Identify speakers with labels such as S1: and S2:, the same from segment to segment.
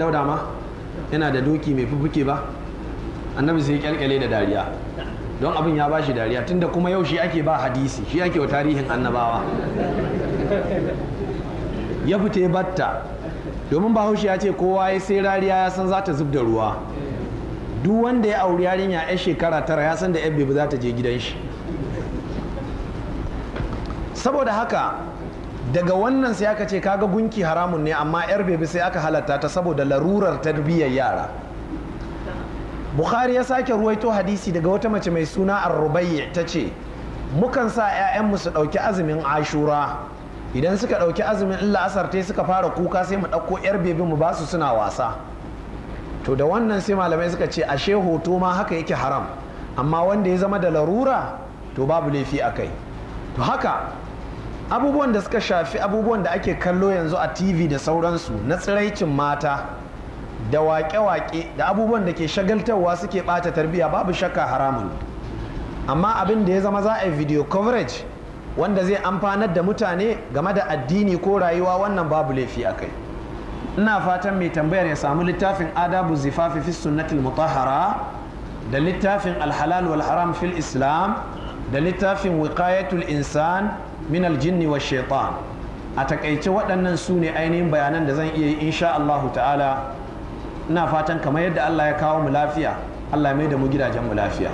S1: dauda ma yana da doki mai fufuke ba annabi sai kyalkyale da dariya don abin ya bashi dariya tunda kuma yau shi ake ba hadisi shi ake wa tarihin annabawa ya fita batta domin bahaushe ya ce kowa ya sai rariya ya san za ta zub da ruwa duk wanda ya auri yarinya ya shekara tara ya san da yan bebe za ta je gidan shi saboda haka daga wannan sai aka ce kaga gunki haramun ne amma yar bebi sai aka halatta ta saboda larurar tarbiyyar yara bukhari ya sake ruwaito hadisi daga wata mace mai suna arrubai ta ce mukan sa 'ya'yanmu su ɗauki azumin ashura idan suka ɗauki azumin in la'asar ta suka fara kuka sai mu ɗauko yar bebi mu su suna wasa to da wannan sai malamai suka ce ashe hoto ma haka yake haram amma wanda ya zama da larura to babu laifi a kai to haka abubuwan da suka shafi abubuwan da ake kallo yanzu a tv da sauransu na tsiraicin mata da waƙe-waƙe da abubuwan da ke shagaltarwa suke ɓata tarbiyya babu shakka haramun amma abin da ya zama za a yi video coverage wanda zai amfanar da mutane game da addini ko rayuwa wannan babu laifi a kai ina fatan mai tambayar ya samu littafin adabu zifafi fi sunnatil mutahara da littafin alhalal wal haram fil islam da littafin wiqayatul insan min aljinni wa shaitan a takaice waɗannan su ne ainihin bayanan da zan iya yi insha Allahu ta'ala ina fatan kamar yadda Allah ya kawo mu lafiya Allah mai da mu gidajen mu lafiya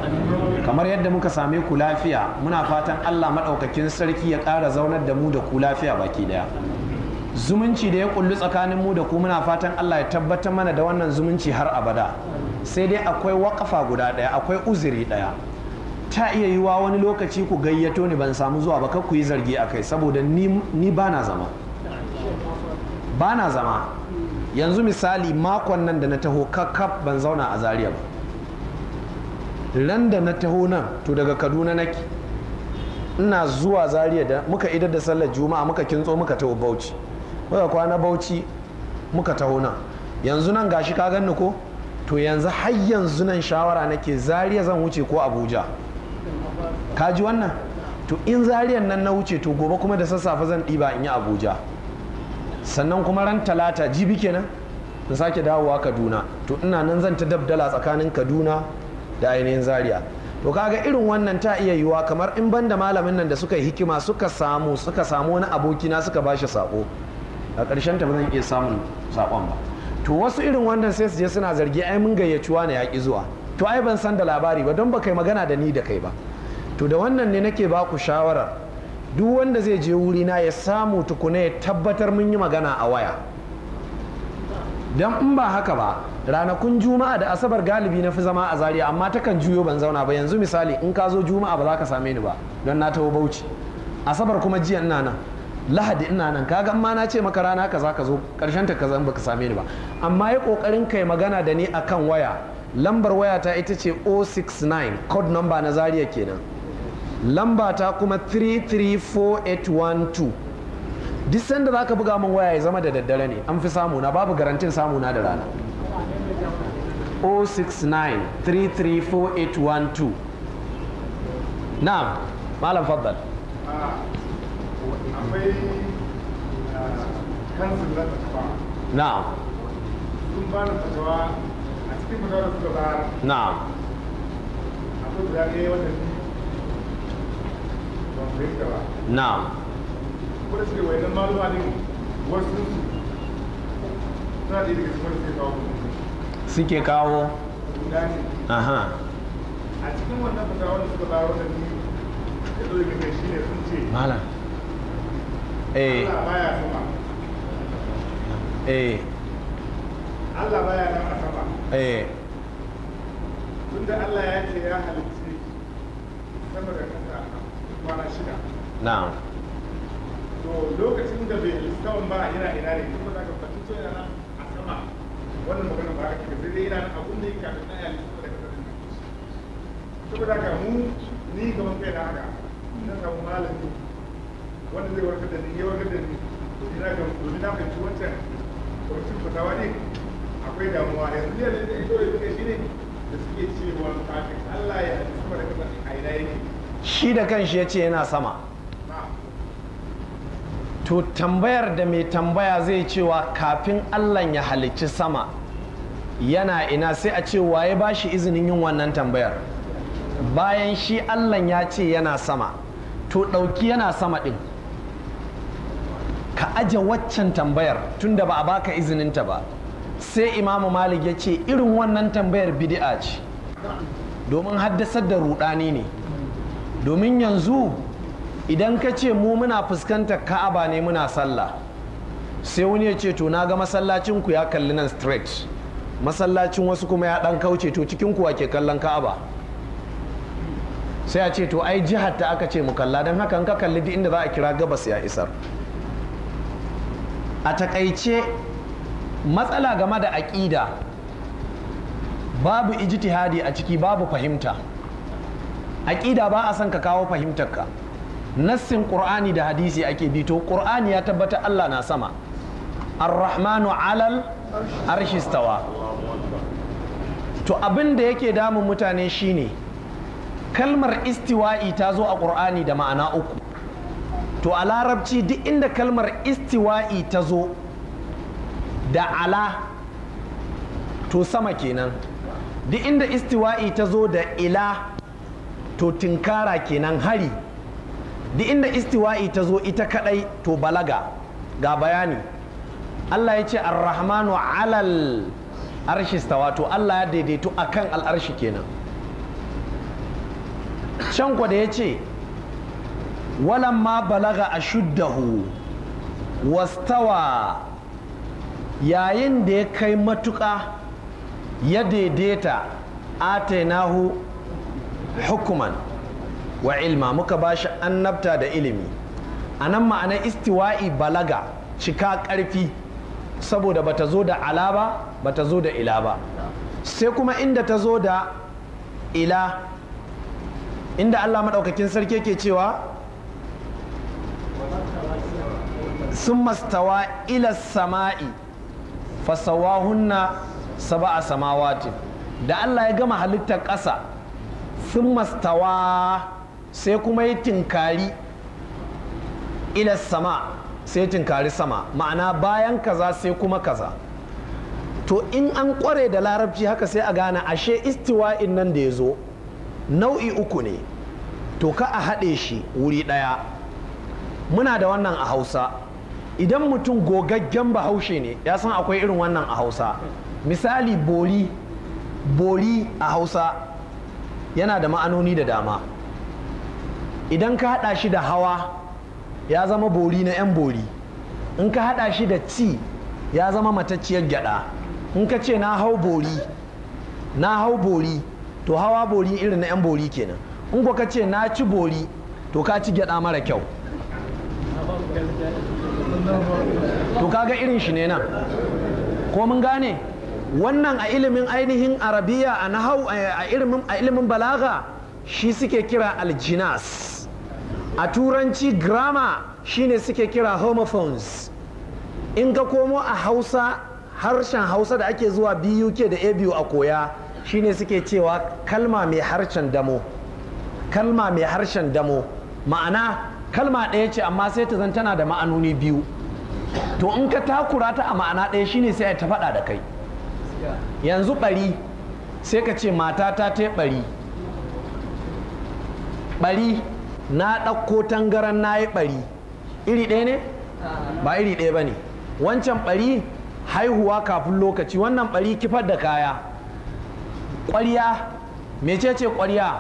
S1: kamar yadda muka same ku lafiya muna fatan Allah maɗaukakin sarki ya ƙara zaunar da mu da ku lafiya baki daya zumunci da ya kullu tsakanin mu da ku muna fatan Allah ya tabbatar mana da wannan zumunci har abada sai dai akwai waƙafa guda ɗaya akwai uzuri ɗaya ta iya yiwa wani lokaci ku gayyato ni ban samu zuwa ba ku yi zargi a kai saboda ni ba na zama ba na zama yanzu misali makon nan da na taho kakkaf ban zauna a zaria ba ran da na taho nan to daga kaduna nake ina zuwa zaria da muka idar da sallar juma'a muka kintso muka taho bauchi muka kwana bauchi muka taho nan yanzu nan gashi ka ganni ko to yanzu har yanzu nan shawara nake zaria zan wuce ko abuja ka ji wannan to in zariyan nan na wuce to gobe kuma da sassafe zan ɗiba in yi abuja sannan kuma ran talata jibi kenan na sake dawowa kaduna to ina nan zan ta dabdala tsakanin kaduna da ainihin zariya to kaga irin wannan ta iya yiwuwa kamar in banda malamin nan da suka yi hikima suka samu suka samu wani abokina suka bashi sako a ƙarshen ta zan iya samun sakon ba to wasu irin wannan sai su je suna zargi ai mun gayyaci wani ya ki zuwa to ai ban san da labari ba don ba kai magana da ni da kai ba to da wannan ne nake ba ku shawara duk wanda zai je wuri na ya samu tukuna ya tabbatar mun yi magana a waya don in ba haka ba ranakun juma'a da asabar galibi na fi zama a Zariya amma takan juyo ban zauna ba yanzu misali in ka zo juma'a ba za ka same ni ba don na taho bauchi asabar kuma jiya ina nan lahadi ina nan kaga amma na ce maka rana kaza ka zo karshen ta kaza ka same ni ba amma ya kokarin kai magana da ni akan waya lambar waya ta ita ce 069 code number na Zariya kenan lamba ta kuma 334812 duk sanda za ka buga min waya ya zama da daddare ne an fi samu na babu garantin samu na da rana 069 na malam faddal
S2: eh, na'am
S1: na'am suke kawo aha
S2: a cikin wannan fita wanda suka bayar da ni da dole ga shi ne sun ce
S1: mala eh Allah baya sama eh
S2: Allah baya nan a sama eh tunda Allah ya ce ya halitta sama da kasa kwana shida na'am to lokacin da bai ba yana ina ne kuma daga a sama wannan magana ba zai yana abun da yake kafin saboda mu ni na haka na samu wanda zai warkar da ni ya warkar da ni ina ga domin na fahimci wancan ne akwai damuwa yanzu yanzu da suke shi ne da suke cewa kafin Allah ya sama da kasa a ina yake
S1: shi da kan shi ya ce yana sama to tambayar da mai tambaya zai cewa kafin allah ya halicci sama yana ina sai a ce waye ba shi izinin yin wannan tambayar bayan shi allah ya ce yana sama to ɗauki yana sama ɗin ka aje waccan tambayar tunda ba a baka izininta ba sai imamu malik ya ce irin wannan tambayar bidi'a ce domin haddasar da ruɗani ne domin yanzu idan ka ce mu muna fuskantar ka'aba ne muna sallah sai wani ya ce to na ga masallacin ku ya kalli nan straight masallacin wasu kuma ya dan kauce to cikin kuwa ke kallon ka'aba sai a ce to ai jihar ta aka ce mu kalla don haka ka kalli duk inda za a kira gabas ya isar a takaice matsala game da aƙida babu ijtihadi a ciki babu fahimta aƙida ba a son ka kawo fahimtarka nassin ƙur'ani da hadisi ake bi to ƙur'ani ya tabbata Allah na sama ar-rahmanu alal arshistawa to abin da yake damun mutane shine kalmar istiwa'i ta zo a ƙur'ani da ma'ana uku to a larabci duk inda kalmar istiwa'i ta zo da ala to sama kenan duk inda istiwa'i ta zo da ila to tinkara kenan hari da inda istiwa'i ta zo ita kadai to balaga ga bayani Allah ya ce arrahmanu alal arshi wato Allah ya daidaito akan al'arshi kenan can da ya ce walamma balaga a shuddahu wastawa yayin da ya kai matuka ya daidaita atainahu hukuman wa ilma muka bashi annabta da ilimi a nan ma'anar istiwa'i balaga cika ƙarfi saboda bata zo da ala ba bata zo da ila ba sai kuma inda ta zo da ila inda Allah maɗaukakin sarki ke cewa sun mastawa ila sama'i fasawahunna saba a samawatin da Allah ya gama halittar ƙasa sun mastawa sai kuma yi tinkari ila sama sai tinkari sama ma'ana bayan kaza sai kuma kaza to in an kware da larabci haka sai a gane ashe istiwa'in nan da ya zo nau'i uku ne to ka a haɗe shi wuri ɗaya muna da wannan a hausa idan mutum gogaggen bahaushe ne ya san akwai irin wannan a hausa misali bori bori a hausa yana da ma'anoni da dama idan ka haɗa shi da hawa ya zama bori na 'yan bori in ka haɗa shi da ci ya zama matacciyar gyada in ka ce na hau bori na hau bori to hawa bori irin na 'yan bori kenan in ka ce na ci bori to ka ci gyada mara kyau to kaga irin shi ne nan ko mun gane wannan a ilimin ainihin arabiya a nahau a ilimin balaga shi suke kira aljinas a turanci grama shine suke kira homophones in ka komo a hausa harshen hausa da ake zuwa buk da abu a koya shine suke cewa kalma mai harshen damo kalma mai harshen damo ma'ana kalma ɗaya ce amma sai ta zan tana da ma'anoni biyu to in ka takura ta a ma'ana ɗaya shine sai ta faɗa da kai yanzu ɓari sai ka ce matata ta ɓari ɓari na ɗauko tangaran na yi ɓari iri ɗaya ne ba iri ɗaya ba ne wancan ɓari haihuwa kafin lokaci wannan bari kifar da kaya ƙwarya ce ƙwarya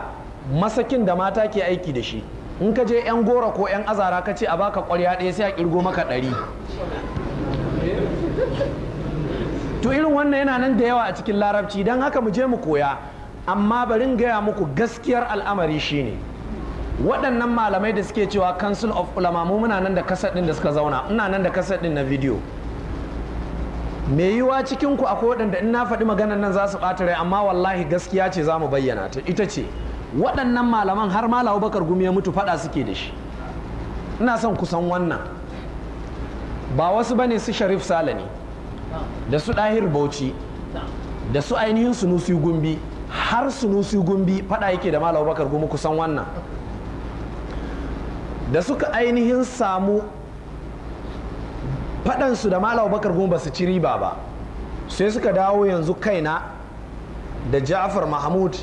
S1: masakin da mata ke aiki da shi in ka je 'yan gora ko 'yan azara ka ce a baka ƙwarya ɗaya sai a ƙirgo maka ɗari to irin wannan yana nan da yawa a cikin larabci don haka mu je mu koya amma barin gaya muku gaskiyar al'amari shine waɗannan malamai da suke cewa council of ulama mu muna nan da kasar ɗin da suka zauna ina nan da kasar ɗin na video me yiwa cikin ku ko waɗanda in na faɗi maganar nan za su ɓata rai amma wallahi gaskiya ce za mu bayyana ta ita ce waɗannan malaman har ma lawo bakar gumi ya mutu faɗa suke da shi ina son kusan wannan ba wasu bane su sharif salani da su ɗahir bauchi da su ainihin sunusi gumbi har sunusi gumbi fada yake da malam bakar gumi kusan wannan da suka ainihin samu faɗansu da malam bakar gumi ba su ci riba ba sai suka dawo yanzu kaina da ja'far mahmud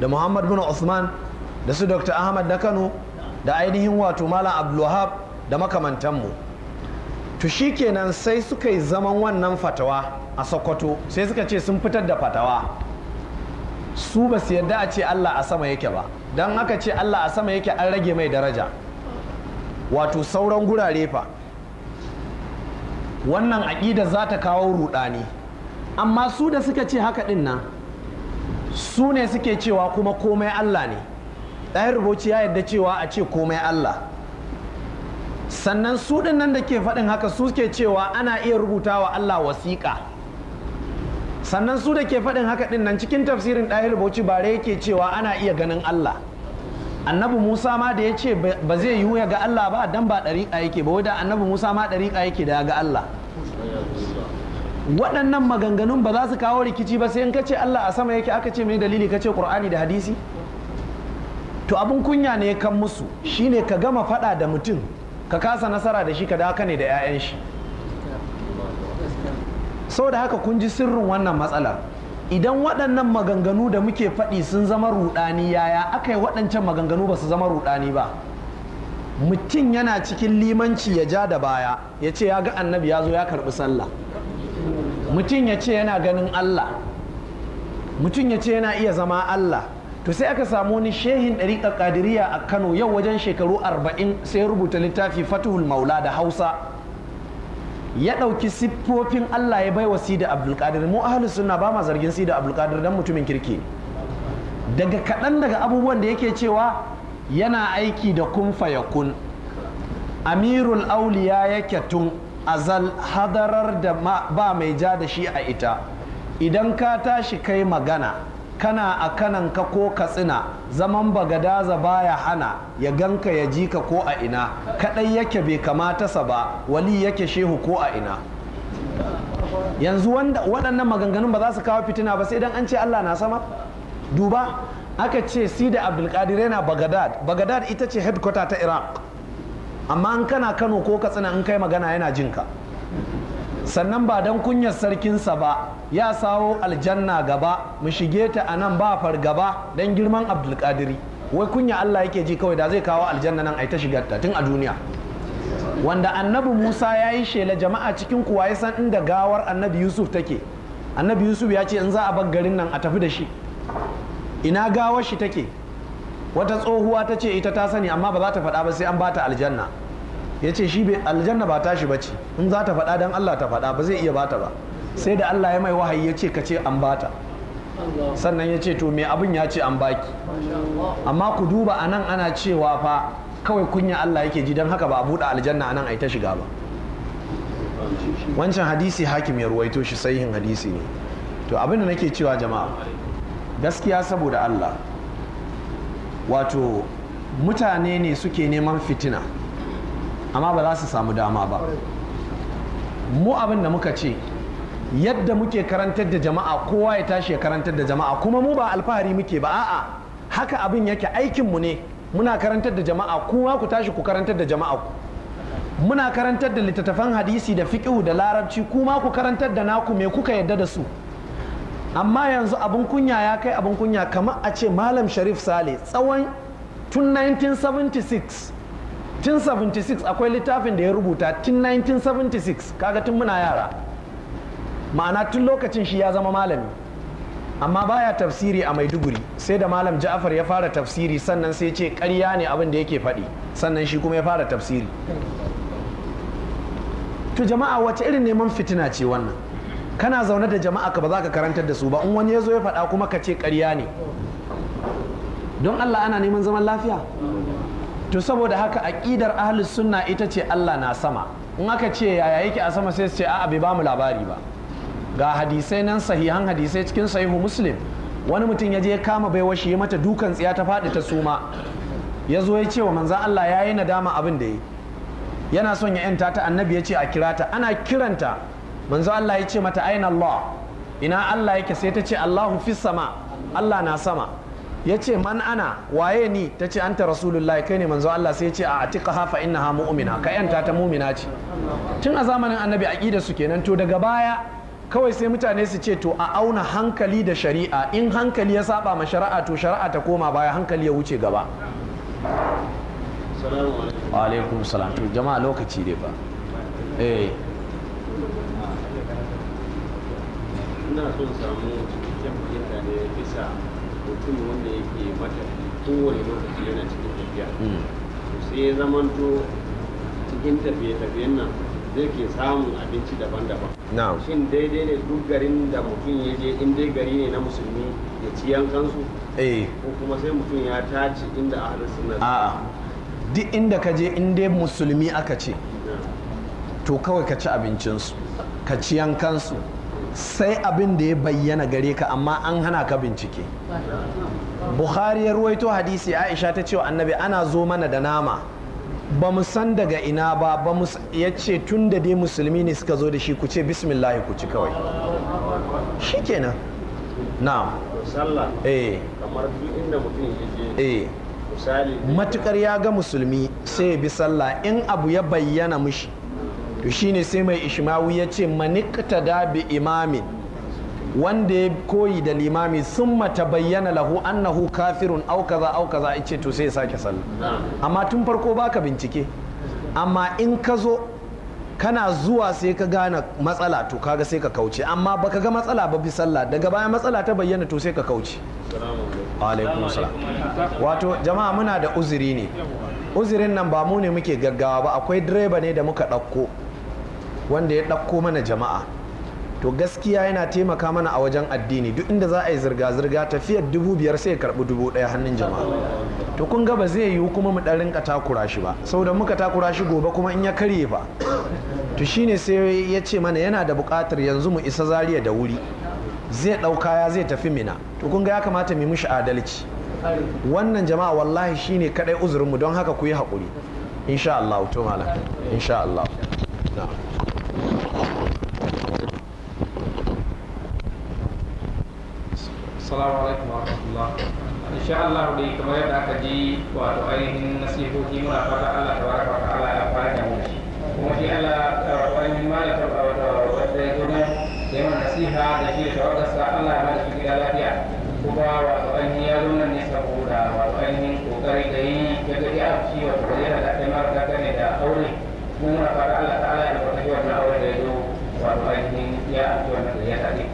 S1: da muhammad bin usman da su dr ahmad da kano da ainihin wato malam abdulwahab da makamantanmu to kenan sai suka yi zaman wannan fatawa a sokoto sai suka ce sun fitar da fatawa su ba su yadda a ce allah a sama yake ba don haka ce allah a sama yake an rage mai daraja wato sauran gurare fa wannan aƙida za ta kawo rudani amma su da suka ce haka ɗin nan su ne suke cewa kuma komai allah ne ɗayan rubuci ya yadda cewa a ce komai allah sannan su nan da ke faɗin haka su ke cewa ana iya rubuta wa Allah wasiƙa sannan su da ke faɗin haka ɗin nan cikin tafsirin ɗahir bauchi bare yake cewa ana iya ganin Allah annabi musa ma da ya ce ba zai yiwu ya ga Allah ba dan ba ɗariƙa yake ba wadda annabi musa ma ɗariƙa yake da ga Allah waɗannan maganganun ba za su kawo rikici ba sai in kace Allah a sama yake aka ce mai dalili kace Qur'ani da hadisi to abin kunya ne kan musu shine ka gama faɗa da mutum ka kasa nasara da shi ka daka ne da 'ya'yan shi Sau da haka kun ji sirrin wannan matsalar idan waɗannan maganganu da muke faɗi sun zama ruɗani yaya aka yi waɗancan maganganu ba su zama ruɗani ba mutum yana cikin limanci ya ja da baya ya ce ya ga annabi ya zo ya karɓi sallah mutum ya ce yana ganin allah mutum ya ce yana iya zama allah to sai aka samu wani shehin ɗariƙa ƙadiriya a kano yau wajen shekaru arba'in sai rubuta littafi fatihul maula da hausa ya ɗauki siffofin allah ya baiwa sida abdulkadir mu ahalus suna ba ma zargin sida abdulkadir don mutumin kirki daga kaɗan daga abubuwan da yake cewa yana aiki da kun fayakun amirul auliya yake tun azal hadarar da ba mai ja da shi a ita idan ka tashi kai magana kana a kanan ka ko katsina zaman bagadaza baya hana ya ganka ya ji ka ko a ina kadai yake bai kamata sa ba wali yake shehu ko a ina yanzu waɗannan maganganun ba za su kawo fitina ba sai dan an ce Allah na sama duba aka ce sida abdulkadir yana bagadad bagadad ita ce headquarter ta iraq amma an kana kano ko katsina in kai magana yana jinka sannan ba don kunyar sarkinsa ba ya sawo aljanna gaba mu shige ta a nan ba fargaba don girman abdulkadiri wai kunya Allah yake ji kawai da zai kawo aljanna nan a ta shigar ta tun a duniya wanda annabi Musa ya yi shela jama'a cikin kuwa ya san inda gawar annabi Yusuf take annabi Yusuf ya ce in za a bar garin nan a tafi da shi ina gawar shi take wata tsohuwa ta ce ita ta sani amma ba za ta faɗa ba sai an bata aljanna ya ce shi aljanna ba tashi ba ce in za ta faɗa don Allah ta faɗa ba zai iya bata ba sai da Allah ya mai wahayi ya ce ka ce an bata sannan ya ce to me abin ya ce an baki amma ku duba a nan ana cewa fa kawai kunya Allah yake ji don haka ba a buɗe aljanna a nan a ta shiga ba wancan hadisi hakim ya ruwaito shi sahihin hadisi ne to abin da nake cewa jama'a gaskiya saboda Allah wato mutane ne suke neman fitina amma ba za su samu dama ba mu abin da muka ce yadda muke karantar da jama'a kowa ya tashi ya karantar da jama'a kuma mu ba alfahari muke ba a'a haka abin yake aikinmu ne muna karantar da jama'a kowa ku tashi ku karantar da jama'a ku muna karantar da littattafan hadisi da fiqhu da larabci kuma ku karantar da naku me kuka yadda da su amma yanzu abin kunya ya kai abin kunya kamar a ce malam sharif sale tsawon tun 1976 tun 76 akwai littafin da ya rubuta tun 1976 kaga tun muna yara ma'ana tun lokacin shi ya zama malami amma baya tafsiri a maiduguri sai da malam ja'afar ya fara tafsiri sannan sai ce karya ne abin da yake faɗi sannan shi kuma ya fara tafsiri to jama'a wace irin neman fitina ce wannan kana zaune da jama'a ka ba za ka karantar da su ba in wani ya zo ya faɗa kuma ka ce karya ne don allah ana neman zaman lafiya to saboda haka aƙidar ahlus sunna ita ce Allah na sama in aka ce yaya yake a sama sai su ce a'a bai ba mu labari ba ga hadisai nan sahihan hadisai cikin sahihu muslim wani mutum ya je ya kama bai shi ya mata dukan tsiya ta faɗi ta suma ya zo ya ce wa manzan Allah ya yi nadama abin da ya yana son ya yanta ta annabi ya ce a kira ta ana kiranta manzan Allah ya ce mata aina Allah ina Allah yake sai ta ce Allahu fis sama Allah na sama ya ce man ana waye ni ta ce anta rasulullah kai ne manzo Allah sai ya ce a atika hafa inna ha mu'mina ka yanta ta mu'mina ce tun a zamanin annabi aqida su kenan to daga baya kawai sai mutane su ce to a auna hankali da shari'a in hankali ya saba ma shari'a to shari'a ta koma baya hankali ya wuce gaba alaikum salam to jama'a lokaci dai ba eh
S2: mutum wanda yake matafi kowane lokaci yana cikin tafiya hmm. sai ya zamanto cikin tafiye-tafiyen nan zai ke samun abinci daban-daban. Shin daidai ne duk garin da mutum ya
S1: je in dai gari ne na musulmi ya ci yankansu? Eh. Ko kuma sai mutum ya tace inda ahalin sunna. A'a. Duk inda ka je in dai musulmi aka ce. To kawai ka ci abincinsu, ka ci yankansu. sai abin da ya bayyana gare ka amma an hana ka bincike bukhari ya ruwaito hadisi aisha ta cewa annabi ana zo mana da nama ba mu san daga ina ba ba ya ce tun da dai musulmi ne suka zo da shi ku ce bismillah ku ci kawai shi kenan na eh eh matukar ya ga musulmi sai ya bi sallah in abu ya bayyana mushi to shine sai mai ishmawu ya ce manikta da bi imamin wanda ya koyi da limami sun mata bayyana lahu annahu kafirun au kaza au kaza ce to sai ya sake sallah amma tun farko baka bincike amma in ka zo kana zuwa sai ka gane matsala to kaga sai ka kauce amma baka ga matsala ba bi sallah daga baya matsala ta bayyana to sai ka kauce wato jama'a muna da uzuri ne uzurin nan ba mu ne muke gaggawa ba akwai direba ne da muka ɗauko wanda ya ɗauko mana jama'a to gaskiya yana taimaka mana a wajen addini duk inda za a yi zirga-zirga tafiyar dubu biyar sai ya karɓi dubu ɗaya hannun jama'a to kun ga ba zai yiwu kuma mu ɗan rinka takura shi ba saboda muka takura shi gobe kuma in ya karye ba to shine sai ya ce mana yana da buƙatar yanzu mu isa zariya da wuri zai ɗauka kaya zai tafi mina to kun ga ya kamata mu yi mishi adalci wannan jama'a wallahi shine kaɗai uzurinmu don haka ku yi haƙuri insha Allah to malam insha
S2: assalamu alaikum wa rahmatullah insha Allah dai kamar yadda aka ji wato ainihin nasihohi muna fata Allah ya fara da mu kuma shi Allah eh, ainihin malaka da yawan nasiha da shi da tawagarsa Allah ya shi gida lafiya kuma wato ainihin ya ne saboda wato ainihin kokari da yi ya ga ya wato da da aure kuma fata Allah ya shi wannan aure da ya zo wato ainihin ya wannan da ya sai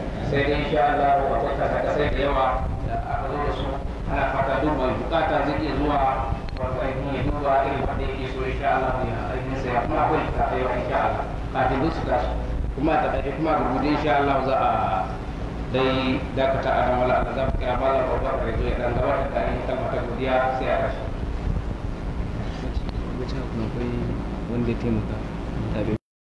S2: dai insha Allah kasai da yawa da aka zo da su ana fata duk mai bukata zai iya zuwa wato ya duba irin wanda yake so insha Allah ainihin sai kuma akwai ta insha Allah kafin duk su tashi kuma ta kai kuma insha Allah za a dai dakata a damar Allah za mu babbar da zo ya dan da ainihin kalmata godiya sai a tashi. akwai wanda ya taimaka?